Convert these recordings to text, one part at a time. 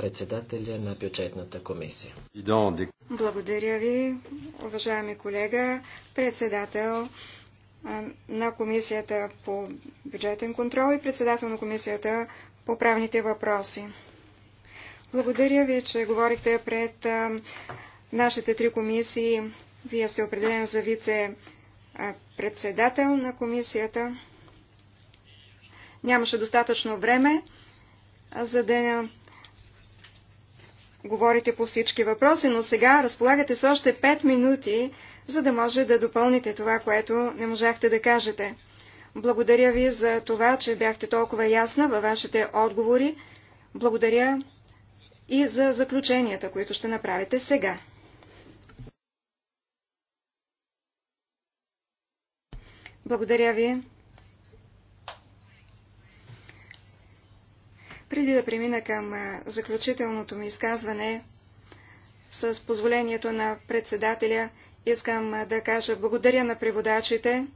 председателя на бюджетната комисия. Благодаря ви, уважаеми колега, председател на комисията по бюджетен контрол и председател на комисията по правните въпроси. Благодаря ви, че говорихте пред нашите три комисии. Вие сте определен за вице-председател на комисията. Нямаше достатъчно време, за да говорите по всички въпроси, но сега разполагате с още 5 минути, за да може да допълните това, което не можахте да кажете. Благодаря ви за това, че бяхте толкова ясна във вашите отговори. Благодаря и за заключенията, които ще направите сега. Благодаря ви. Преди да премина към заключителното ми изказване, с позволението на председателя, искам да кажа благодаря на преводачите,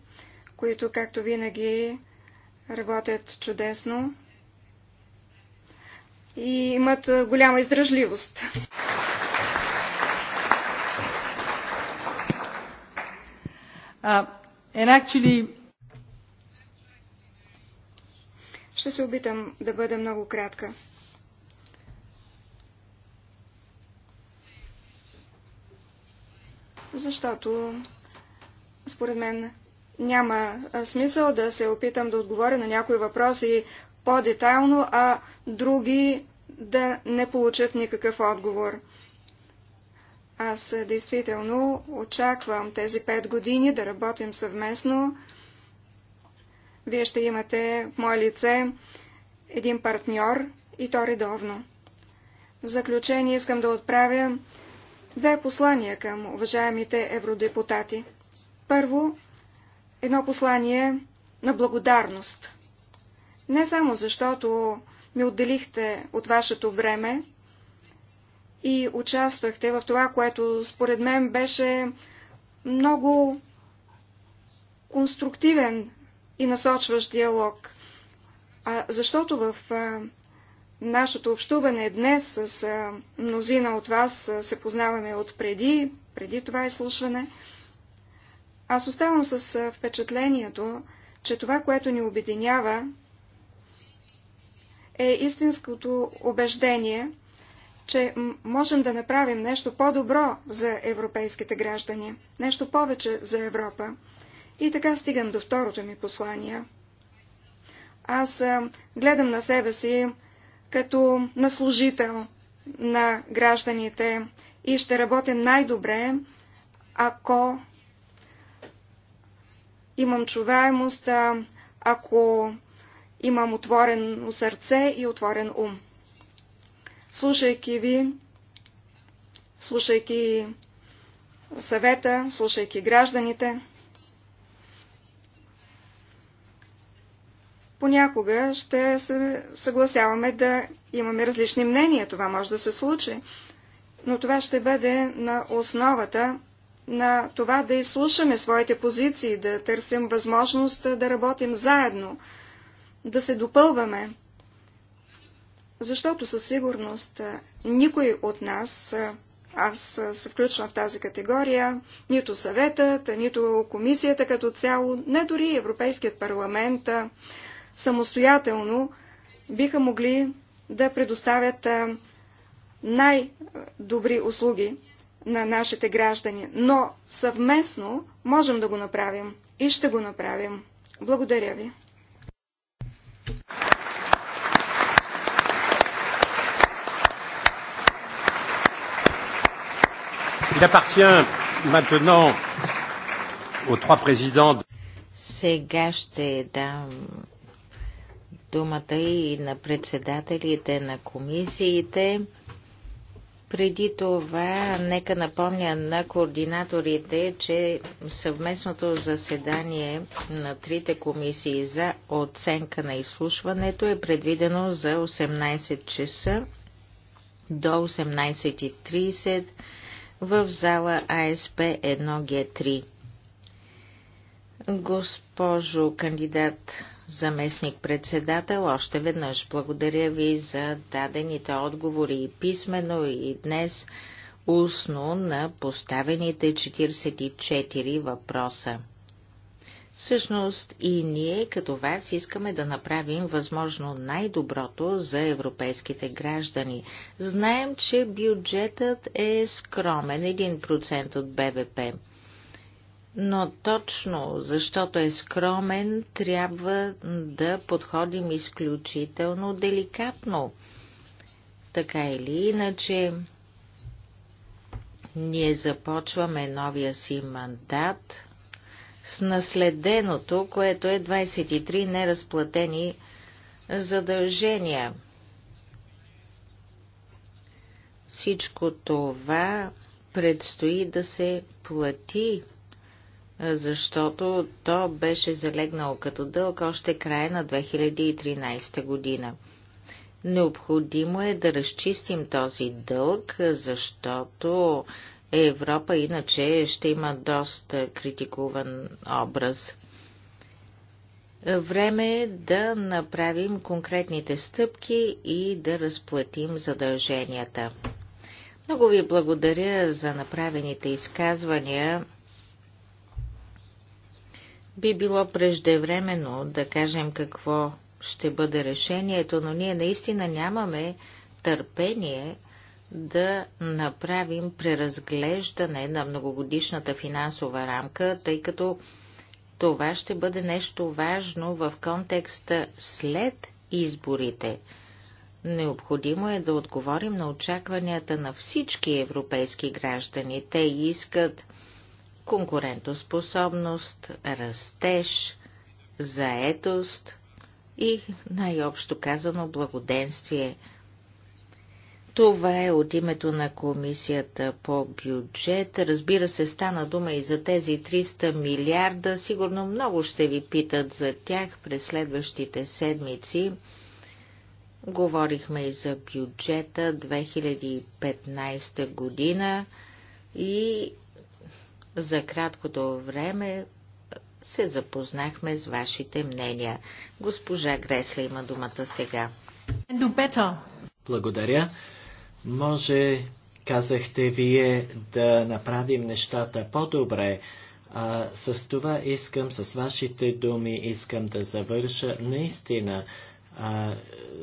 които, както винаги, работят чудесно и имат голяма издръжливост. Uh, and actually, Ще се опитам да бъда много кратка. Защото, според мен, няма смисъл да се опитам да отговоря на някои въпроси по-детайлно, а други да не получат никакъв отговор. Аз действително очаквам тези пет години да работим съвместно, вие ще имате в мое лице един партньор и то редовно. В заключение искам да отправя две послания към уважаемите евродепутати. Първо, едно послание на благодарност. Не само защото ми отделихте от вашето време и участвахте в това, което според мен беше много конструктивен и насочващ диалог. А, защото в а, нашето общуване днес с а, мнозина от вас а, се познаваме от преди, преди това изслушване, аз оставам с а, впечатлението, че това, което ни обединява, е истинското убеждение, че можем да направим нещо по-добро за европейските граждани, нещо повече за Европа. И така стигам до второто ми послание. Аз гледам на себе си като на служител на гражданите и ще работя най-добре, ако имам чуваемост, ако имам отворено сърце и отворен ум. Слушайки ви, слушайки съвета, слушайки гражданите, понякога ще се съгласяваме да имаме различни мнения. Това може да се случи. Но това ще бъде на основата на това да изслушаме своите позиции, да търсим възможност да работим заедно, да се допълваме. Защото със сигурност никой от нас, аз се включвам в тази категория, нито съветът, нито комисията като цяло, не дори Европейският парламент самостоятелно биха могли да предоставят най-добри услуги на нашите граждани. Но съвместно можем да го направим и ще го направим. Благодаря ви. Сега ще дам думата и на председателите на комисиите. Преди това, нека напомня на координаторите, че съвместното заседание на трите комисии за оценка на изслушването е предвидено за 18 часа до 18.30 в зала АСП 1Г3. Госпожо кандидат заместник-председател. Още веднъж благодаря ви за дадените отговори и писмено и днес устно на поставените 44 въпроса. Всъщност и ние като вас искаме да направим възможно най-доброто за европейските граждани. Знаем, че бюджетът е скромен 1% от БВП но точно защото е скромен, трябва да подходим изключително деликатно. Така или иначе, ние започваме новия си мандат с наследеното, което е 23 неразплатени задължения. Всичко това предстои да се плати защото то беше залегнало като дълг още края на 2013 година. Необходимо е да разчистим този дълг, защото Европа иначе ще има доста критикуван образ. Време е да направим конкретните стъпки и да разплатим задълженията. Много ви благодаря за направените изказвания. Би било преждевременно да кажем какво ще бъде решението, но ние наистина нямаме търпение да направим преразглеждане на многогодишната финансова рамка, тъй като това ще бъде нещо важно в контекста след изборите. Необходимо е да отговорим на очакванията на всички европейски граждани. Те искат конкурентоспособност, растеж, заетост и най-общо казано благоденствие. Това е от името на комисията по бюджет. Разбира се, стана дума и за тези 300 милиарда. Сигурно много ще ви питат за тях през следващите седмици. Говорихме и за бюджета 2015 година и за краткото време се запознахме с вашите мнения. Госпожа Гресла има думата сега. Благодаря. Може, казахте вие, да направим нещата по-добре. А, с това искам, с вашите думи искам да завърша. Наистина, а,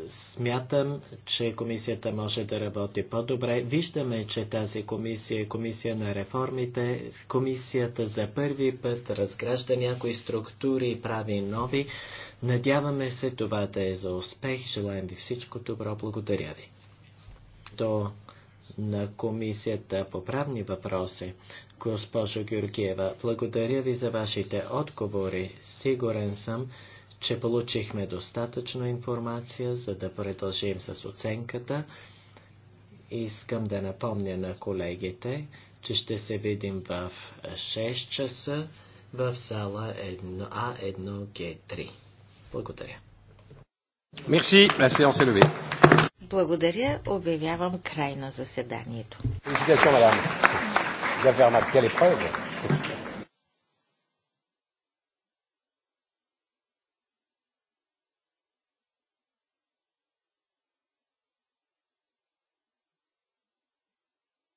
смятам, че комисията може да работи по-добре. Виждаме, че тази комисия е комисия на реформите. Комисията за първи път разгражда някои структури и прави нови. Надяваме се това да е за успех. Желаем ви всичко добро. Благодаря ви. До на Комисията по правни въпроси. Госпожо Георгиева, благодаря ви за вашите отговори. Сигурен съм, че получихме достатъчно информация, за да продължим с оценката. Искам да напомня на колегите, че ще се видим в 6 часа в сала а 1 г 3 Благодаря. Мерси, la séance est Благодаря, обявявам край на заседанието. Félicitations, madame. Vous avez remarqué l'épreuve.